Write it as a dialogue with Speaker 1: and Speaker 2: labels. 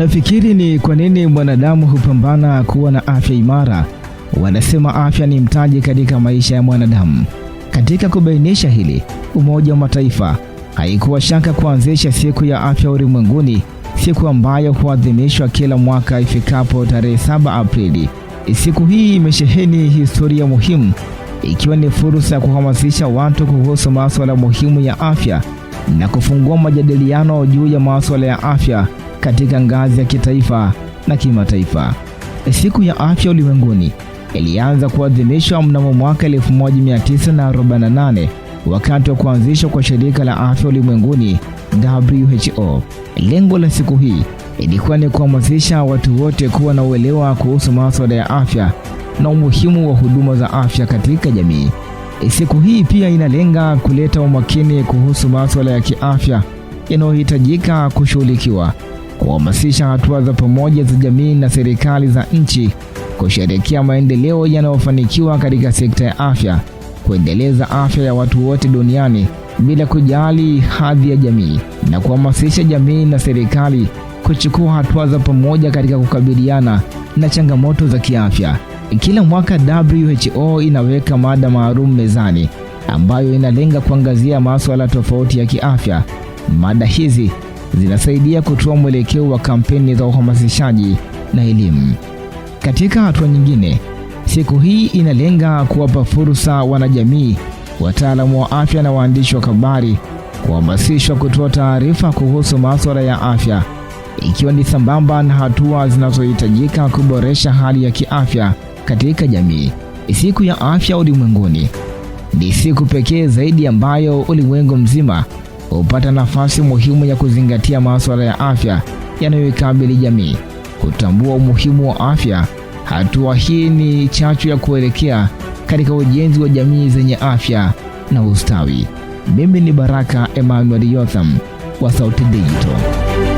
Speaker 1: Unafikiri ni kwa nini mwanadamu hupambana kuwa na afya imara? Wanasema afya ni mtaji katika maisha ya mwanadamu. Katika kubainisha hili, Umoja wa Mataifa haikuwa shaka kuanzisha siku ya afya ulimwenguni, siku ambayo huadhimishwa kila mwaka ifikapo tarehe 7 Aprili. Siku hii imesheheni historia muhimu, ikiwa ni fursa ya kuhamasisha watu kuhusu masuala muhimu ya afya na kufungua majadiliano juu ya masuala ya afya katika ngazi ya kitaifa na kimataifa. Siku ya Afya Ulimwenguni ilianza kuadhimishwa mnamo mwaka 1948 wakati wa kuanzishwa kwa shirika la afya ulimwenguni WHO. Lengo la siku hii ilikuwa ni kuhamasisha watu wote kuwa na uelewa kuhusu masuala ya afya na umuhimu wa huduma za afya katika jamii. Siku hii pia inalenga kuleta umakini kuhusu masuala ya kiafya yanayohitajika kushughulikiwa kuhamasisha hatua za pamoja za jamii na serikali za nchi kusherekea maendeleo yanayofanikiwa katika sekta ya afya, kuendeleza afya ya watu wote duniani bila kujali hadhi ya jamii na kuhamasisha jamii na serikali kuchukua hatua za pamoja katika kukabiliana na changamoto za kiafya. Kila mwaka WHO inaweka mada maalum mezani ambayo inalenga kuangazia masuala tofauti ya kiafya. Mada hizi zinasaidia kutoa mwelekeo wa kampeni za uhamasishaji na elimu. Katika hatua nyingine, siku hii inalenga kuwapa fursa wanajamii, wataalamu wa afya na waandishi wa habari kuhamasishwa kutoa taarifa kuhusu masuala ya afya, ikiwa ni sambamba na hatua zinazohitajika kuboresha hali ya kiafya katika jamii. Siku ya afya ulimwenguni ni siku pekee zaidi ambayo ulimwengu mzima hupata nafasi muhimu ya kuzingatia masuala ya afya yanayoikabili jamii. Kutambua umuhimu wa afya, hatua hii ni chachu ya kuelekea katika ujenzi wa jamii zenye afya na ustawi. Mimi ni Baraka Emmanuel Yotham wa Sauti Digital.